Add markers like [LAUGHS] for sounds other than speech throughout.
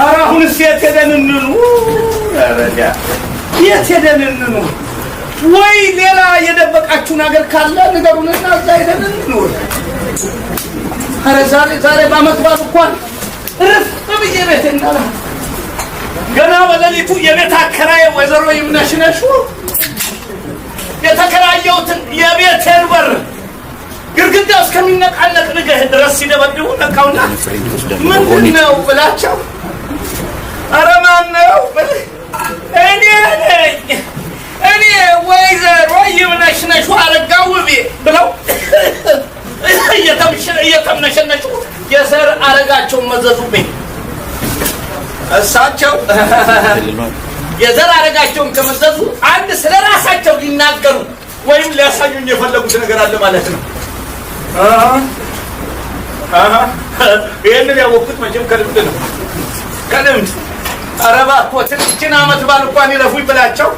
ኧረ አሁንስ የት ሄደን እንኑ? የት ሄደን እንኑ? ወይ ሌላ የደበቃችሁ ነገር ካለ ንገሩንና እዛ ሄደን እንኑ። ኧረ ዛሬ ዛሬ በዓመት በዓል እንኳን እርፍ ብዬ ቤት እናላ ገና በሌሊቱ የቤት አከራዬ ወይዘሮ ይምነሽነሹ የተከራየሁትን የቤቴን በር ግድግዳው እስከሚነቃነቅ ንገህ ድረስ ሲደበድቡ ነካውና ምንድን ነው ብላቸው ወይዘሮ ይብነሽነሽ አረጋው ውቤ ብለው እየተምነሸነሹ የዘር አረጋቸውን መዘዙብኝ። እሳቸው [LAUGHS] የዘር አረጋቸውን ከመዘዙ አንድ ስለ ራሳቸው ሊናገሩ ወይም ሊያሳዩኝ የፈለጉት ነገር አለ ማለት ነው። ይህንን ያወቅሁት መቼም ከልምድ ነው፣ ከልምድ ኧረ እባክዎ ትንሽ አመት ባል እንኳን ይለፉኝ ብላቸው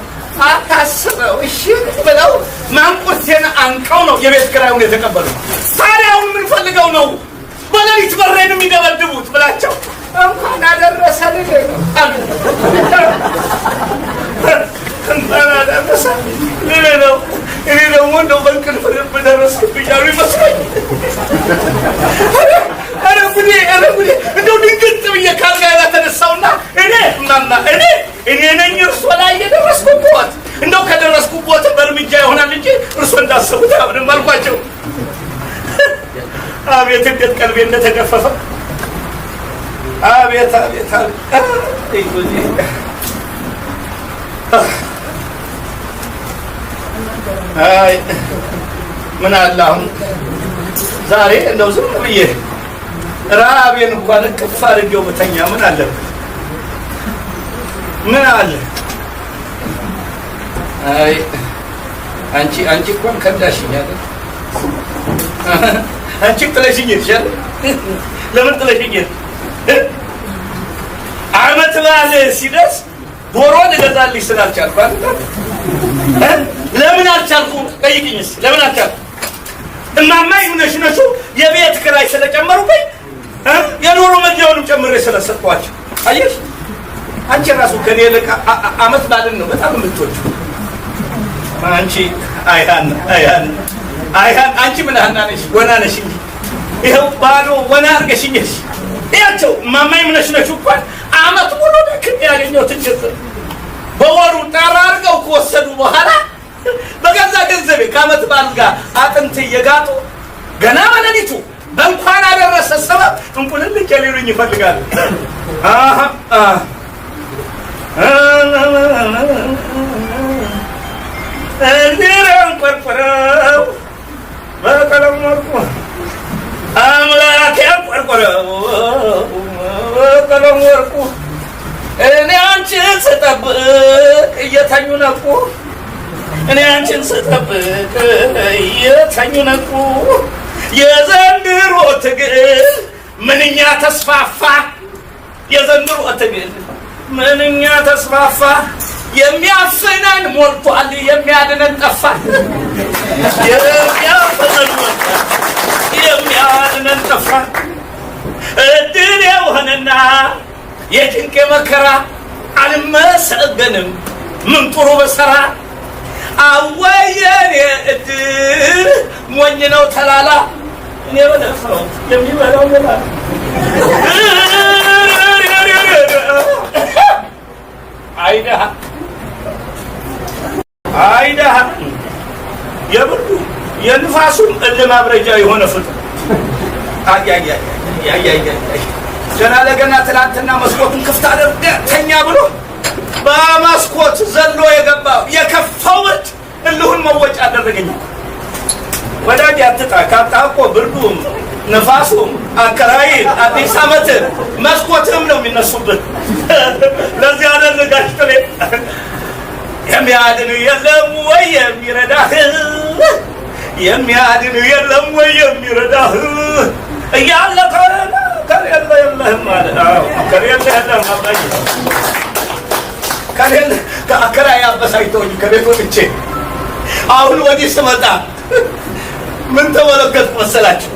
አታስበው እሺ ብለው ማንቁርቴን አንቀው ነው የቤት ኪራዩን የተቀበሉት። ታዲያውን የምንፈልገው ነው በሌሊት በሬን የሚደበድቡት ብላቸው እንኳን አደረሰን እንኳን አደረሰ ልኔ ነው። እኔ ደግሞ እንደው በእንቅልፍ ደረስክብኝ አሉ ይመስለኝ። ኧረ ጉዴ ኧረ ጉዴ! እንደው ድንግጥ ብዬ ካልጋ ተነሳውና እኔ ማማ እኔ እኔ ነኝ እርሶ ላይ የደረስኩቦት። እንደው ከደረስኩቦት በእርምጃ ይሆናል እንጂ እርሶ እንዳሰቡት አብንም አልኳቸው። አቤት እንዴት ቀልቤ እንደተገፈፈ! አቤት አቤት አይ ምን አለ አሁን ዛሬ እንደው ዝም ብዬ ራቤን እንኳን ቅፍ አድርጌው ብተኛ ምን አለብን? ምን አለ? አይ አንቺ አንቺ እንኳን ከዳሽኝ አንቺ ጥለሽኝ ይሻል። ለምን ጥለሽኝ? አመት በዓል ሲደርስ ዶሮን እገዛልሽ ስላልቻልኩ ለምን አልቻልኩ? ጠይቅኝስ ለምን አልቻልኩ? እማማ ይሁነሽ ነሹ የቤት ክራይ ስለጨመሩብኝ የዶሮ መግቢያውንም ጨምሬ ስለሰጥኳቸው አየሽ አንቺ ራሱ ከኔ ልቅ አመት ባልን ነው በጣም የምትወድ አንቺ። አይሃን አይሃን አይሃን አንቺ ምን አህና ነሽ? ወና ነሽ እንጂ ይኸው ባዶ ወና አድርገሽኝሽ። እያቸው ማማይ ምነሽ ነሽ እንኳን አመት ሙሉ ደክም ያገኘው ትችት በወሩ ጠራ አድርገው ከወሰዱ በኋላ በገዛ ገንዘቤ ከአመት በዓል ጋር አጥንት እየጋጡ ገና በሌሊቱ በእንኳን አደረሰ ሰበብ እንቁልልጭ ሊሉኝ ይፈልጋሉ። እግዜርን ቆርቁረው በቀለም ወርቁ አምላክ ያቆርቁረው በቀለም ወርቁ እኔ አንቺን ስጠብቅ እየተኙ ነቁ እኔ አንቺን ስጠብቅ እየተኙ ነቁ የዘንድሮ ትግል ምንኛ ተስፋፋ የዘንድሮ ትግል ምንኛ ተስፋፋ። የሚያፍነን ሞልቷል፣ የሚያድነን ጠፋ። የሚያፍነን የሚያድነን ጠፋ። እድል የሆነና የጭንቄ መከራ አልመሰገንም ምን ጥሩ በሰራ አወየን እድል ሞኝ ነው ተላላ እኔ በለፈው የሚበላው ይበላል አይደሃ አይደሃ የብርዱ የንፋሱም እልማብረጃ የሆነ ፍጡር ገና ለገና ትናንትና መስኮቱን ክፍት ተኛ ብሎ በመስኮት ዘሎ የገባ የከፋው ብርድ እልሁን መወጫ አደረገኝ። ወዳጅ አትጣ ካጣ እኮ ብርዱ ንፋሱም አከራይን አዲስ ዓመትን መስኮትም ነው የሚነሱብን። ለዚህ አደን ጥሌ የሚያድን የለም ወይ የሚረዳህ፣ የሚያድን የለም ወይ የሚረዳህ እያለ ከሌለ የለህም አለ። ከሌለ የለህም አባዬ ከሌለ ከአከራይ አበሳጭተውኝ ከቤት ወጥቼ አሁን ወዲህ ስመጣ ምን ተመለከትኩ መሰላችሁ?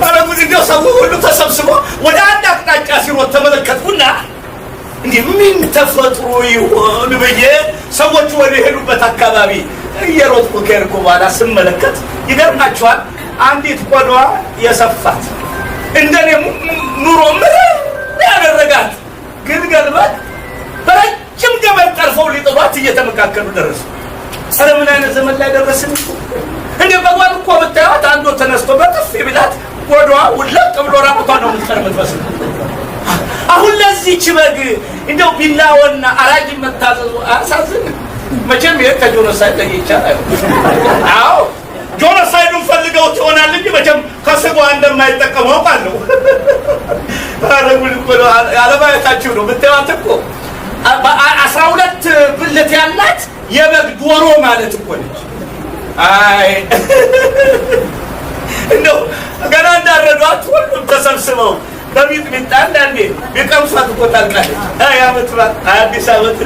ባለጉድ እንዲያው ሰው ሁሉ ተሰብስቦ ወደ አንድ አቅጣጫ ሲሮጥ ተመለከትኩና እንዲህ ምን ተፈጥሮ ይሆን ብዬ ሰዎቹ ወደ ሄዱበት አካባቢ እየሮጥኩ ከሄድኩ በኋላ ስመለከት ይገርማችኋል፣ አንዲት ቆዳ የሰፋት እንደኔ ኑሮ ምን ያደረጋት ግን ገልባት በረጅም ገመድ ጠልፈው ሊጥሏት እየተመካከሉ ደረሱ። ኧረ ምን አይነት ዘመን ላይ ደረስን! እንዴ በጓል እኮ ብታያት አንዱ ተነስቶ በጥፍ ይብላት ሆዷ ውለቅ ብሎ ራቁቷ ነው የምትቀር የምትመስል። አሁን ለዚህች በግ እንደው ቢላወና አራጅ መታዘዙ አያሳዝን? መቼም ይሄ ከጆኖሳይድ ለየ ይቻላል። አዎ ጆኖሳይዱን ፈልገው ትሆናል እንጂ መቼም ከስጓ እንደማይጠቀሙ አውቃለሁ። አለማየታችሁ ነው ብትባት እኮ አስራ ሁለት ብልት ያላት የበግ ዶሮ ማለት እኮ ነች። አይ እንደው ገና እንዳረዷት ሁሉም ተሰብስበው በሚጥሚጣ አንዳንዴ ቢቀምሷት እኮ ታልቃለች። አይ አመት አዲስ አመት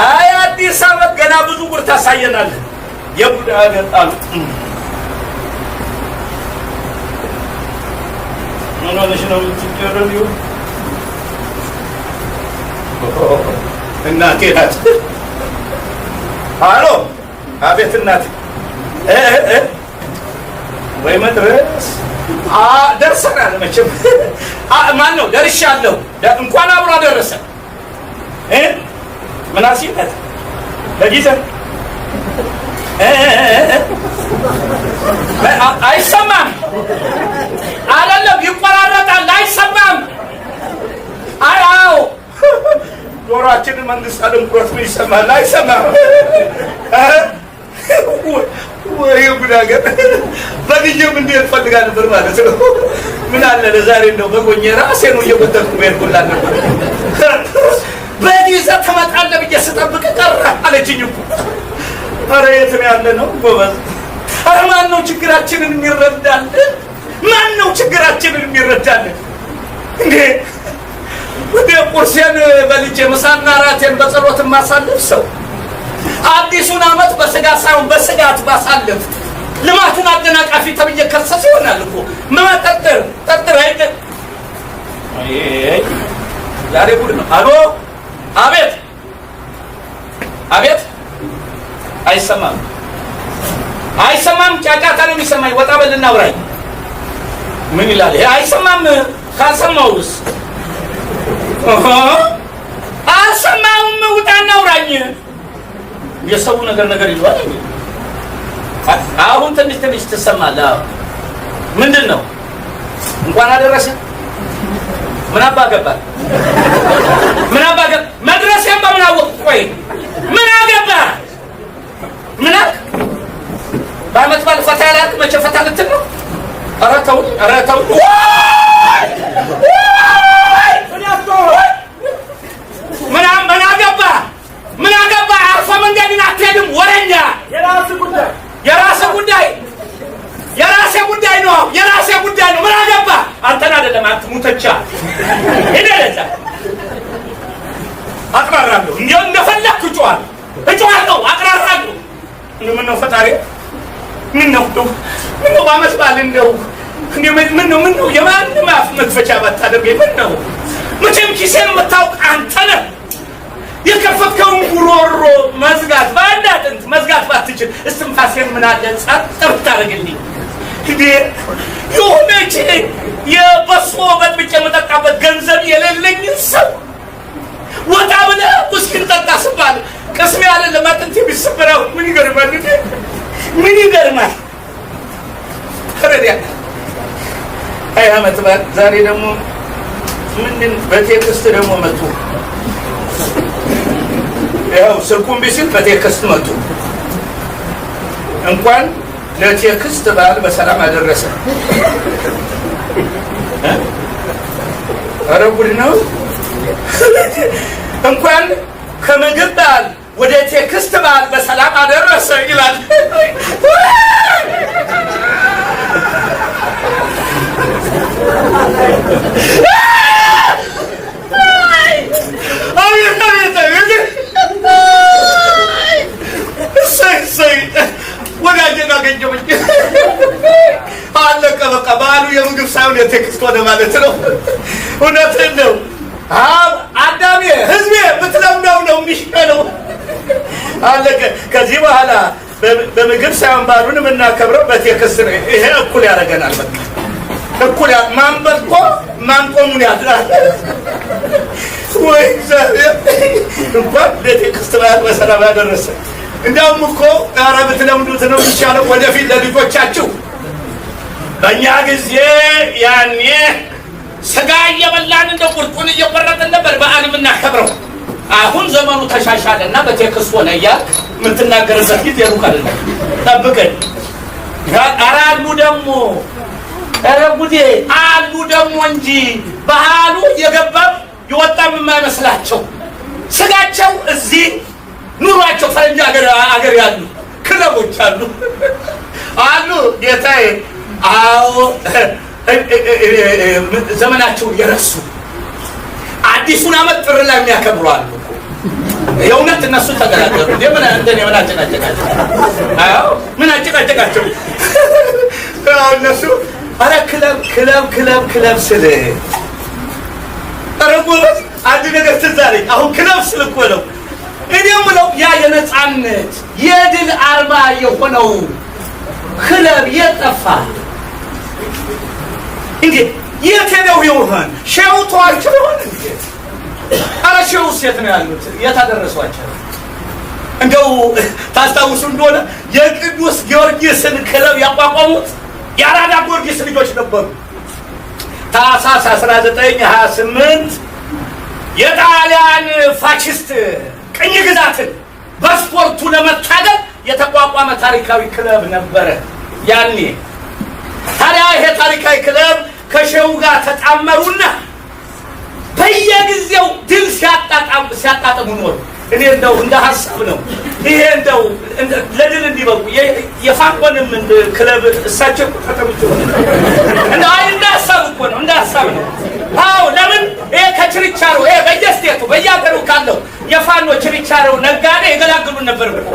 አይ አዲስ አመት ገና ብዙ ጉር ታሳየናለን። የቡዳ ገጣሉ ምን ሆነሽ ነው የምትጨረው? እናቴ ናት። አሎ አቤት እናቴ ወይ መድረስ ደርሰናል። መቼም ማን ነው ደርሻለሁ። እንኳን አብሮ አደረሰ ምናሲነት ለጊዜ አይሰማም አለለም ይቆራረጣል። አይሰማም። አዎ ጆሯችንን መንግስት አደንኩረት ይሰማል። አይሰማም ወይ ጉድ ሀገር በግዬም እንዴት ፈልጋ ነበር ማለት ነው። ምን አለ ለዛሬ እንደው በጎኜ እራሴን ነው እየጎተትኩ ሄድኩላ ነበር። በዚህ ዘር ትመጣለህ ብዬ ስጠብቅ ቀረ አለችኝ እኮ። ኧረ የት ነው ያለ ነው ጎበዝ? ኧረ ማን ነው ችግራችንን የሚረዳልን? ማን ነው ችግራችንን የሚረዳልን? እንዴ ወደ ቁርሴን በልጄ ምሳና ራቴን በጸሎት የማሳልፍ ሰው አዲሱን ዓመት በስጋት ሳይሆን በስጋት ባሳለፍ ልማትን አደናቃፊ ተብዬ ከሰስ ይሆናል እኮ መጠርጥር ጠጥር አይደ ዛሬ ጉድ ነው። አሎ አቤት አቤት፣ አይሰማም አይሰማም። ጫጫታ ነው የሚሰማኝ። ወጣ በልና ውራይ ምን ይላል? አይሰማም። ካልሰማውስ አልሰማውም። ውጣና ውራኝ የሰው ነገር ነገር ይሏል። አሁን ትንሽ ትንሽ ትሰማለህ። ምንድን ነው እንኳን አደረሰ ምን አባ ገባ ምን አባ ገባ መድረስ ያባ ምን አወቅ? ቆይ ምን አገባ ምን አክ በአመት ባል ፈታ ያላልክ መቼ ፈታ ልትል ነው? ኧረ ተውኝ፣ ኧረ ተውኝ ምን ነው ምን ነው የማንም አፍ መክፈቻ ባታደርገኝ። ምን ነው መቼም ኪሴን የምታውቅ አንተ ነህ። የከፈትከውን ጉሮሮ መዝጋት በአንድ አጥንት መዝጋት ባትችል እስትንፋሴን ምን አለ ጸጥ ብታደርግልኝ። እንዴ የሆነች የበሶ በጥብጭ የምጠጣበት ገንዘብ የሌለኝ ሰው ወጣ ብለ ውስኪን ጠጣ ስባል ቅስሜ አለ ለማጥንት የሚሰበራው ምን ይገርማል? ምን ይገርማል? ሀያ ዓመት ባት ዛሬ ደግሞ ምንድን በቴክስት ደግሞ መጡ። ያው ስልኩን ቢስል በቴክስት መጡ። እንኳን ለቴክስት በዓል በሰላም አደረሰ። ኧረ ጉድ ነው! እንኳን ከምግብ በዓል ወደ ቴክስት በዓል በሰላም አደረሰ ይላል። ወዳጄን አገኘሁ። አለቀ በቃ። በዓሉ የምግብ ሳይሆን የቴክስት ሆነ ማለት ነው። እውነትህን ነው አዳሜ፣ ህዝቤ ብትለምደው ነው የሚሻለው። አለቀ። ከዚህ በኋላ በምግብ ሳይሆን በዓሉን የምናከብረው በቴክስት ነው። ይሄ እኩል ያደርገናል በቃ እኩል ማንበብ እኮ ማንቆሙን ያድራል። ወይ እግዚአብሔር እንኳን ቤተ ክርስቲያን በሰላም ያደረሰ። እንዲያውም እኮ ኧረ ብትለምዱት ነው የሚሻለው ወደፊት ለልጆቻችሁ። በእኛ ጊዜ ያኔ ስጋ እየበላን እንደ ቁርጡን እየቆረጥን ነበር በዓል የምናከብረው። አሁን ዘመኑ ተሻሻለና በቴክስት ሆነ እያልክ የምትናገርበት ጊዜ ሩቅ ጠብቀን አራሉ ደግሞ ኧረ ጉዴ አሉ ደግሞ እንጂ ባህሉ የገባም የወጣም የማይመስላቸው ስጋቸው እዚህ ኑሯቸው ፈረንጅ አገር ያሉ ክለቦች አሉ አሉ ጌታዬ። አዎ ዘመናቸውን የረሱ አዲሱን አመት ጥር ላይ የሚያከብሩ አሉ። የእውነት እነሱ ተገራገሩ። ምን እንደኔ ምን አጨቃጨቃቸው? ምን አጨቃጨቃቸው እነሱ አረ ክለብ ክለብ ክለብ ክለብ ስል አረ ጎበዝ፣ አንድ ነገር ትዝ አለኝ። አሁን ክለብ ስል እኮ ነው እኔ የምለው ያ የነፃነት የድል አርማ የሆነው ክለብ የጠፋ እንዴ? የት ነው ይሆን? ሸውቷቸው ይሆን እንዴ? አረ ሸው የት ነው ያሉት? የታደረሷቸው እንደው ታስታውሱ እንደሆነ የቅዱስ ጊዮርጊስን ክለብ ያቋቋሙት የአራዳ ጊዮርጊስ ልጆች ነበሩ። ታህሳስ 1928 የጣሊያን ፋሽስት ቅኝ ግዛትን በስፖርቱ ለመታገል የተቋቋመ ታሪካዊ ክለብ ነበረ። ያኔ ታዲያ ይሄ ታሪካዊ ክለብ ከሸው ጋር ተጣመሩና በየጊዜው ድል ሲያጣጣሙ ኖር እኔ እንደው እንደ ሀሳብ ነው ይሄ እንደው ለድል እንዲበቁ የፋንኮንም ክለብ እሳቸው ተጠምጭ እንደ አይ እንደ እኮ ነው፣ እንደ ነው። አዎ ለምን ይሄ ከችርቻሮ ይሄ በየስቴቱ በየሀገሩ ካለው የፋኖ ችርቻሮ ነጋዴ የገላግሉን ነበር ብለ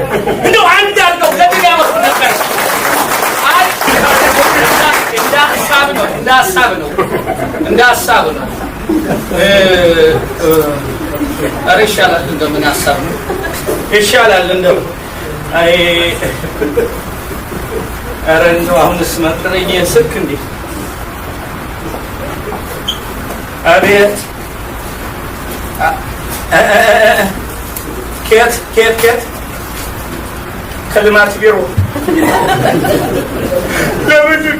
እንደው አንድ አድርገው ለድል ያበቁ ነበር። እንደ ነው፣ እንደ ነው፣ እንደ ነው። ኧረ ይሻላል እንደምን ሀሳብ ነው ይሻላል። እንደው አይ ኧረ እንደው አሁንስ መጥረኝ ስልክ እንዴ! አቤት ኬት ኬት ኬት ከልማት ቢሮ ለምንድን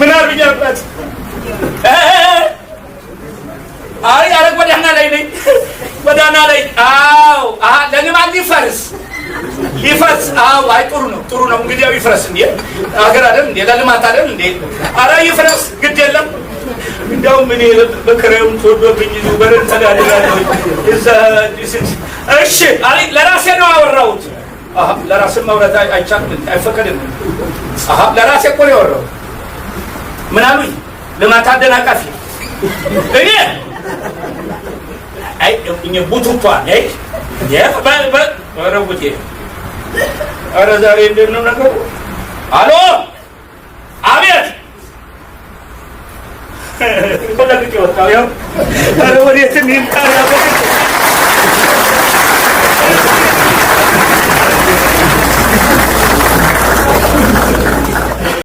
ምን አርግኛበት አይ አረግ በደህና ላይ ነኝ፣ በደህና ላይ አዎ። ለልማት ይፈርስ ይፈርስ። አዎ። አይ ጥሩ ነው፣ ጥሩ ነው። እንግዲህ ያው ይፍረስ እንዴ አገር አይደል እንዴ ለልማት አይደል እንዴ? አረ ይፍረስ፣ ግድ የለም እንደውም እኔ በክረም ተወዶብኝ ይዙ በረን ተዳድራለሁ እዛ አዲስ እሺ፣ አይ ለራሴ ነው ያወራሁት። አሃ ለራሴ ማውራት አይቻልም፣ አይፈቀድም። አሃ ለራሴ እኮ ነው ያወራሁት። ምን አሉኝ? ልማት አደናቃፊ bút thuốc Değil đấy. Ay, ini butuh tuan, eh? Ya, baik, baik. Orang putih. Orang dari Indonesia nak Alo! À, biết. Ahmet! Kau lagi kau tahu không? Kalau dia sendiri tahu ya.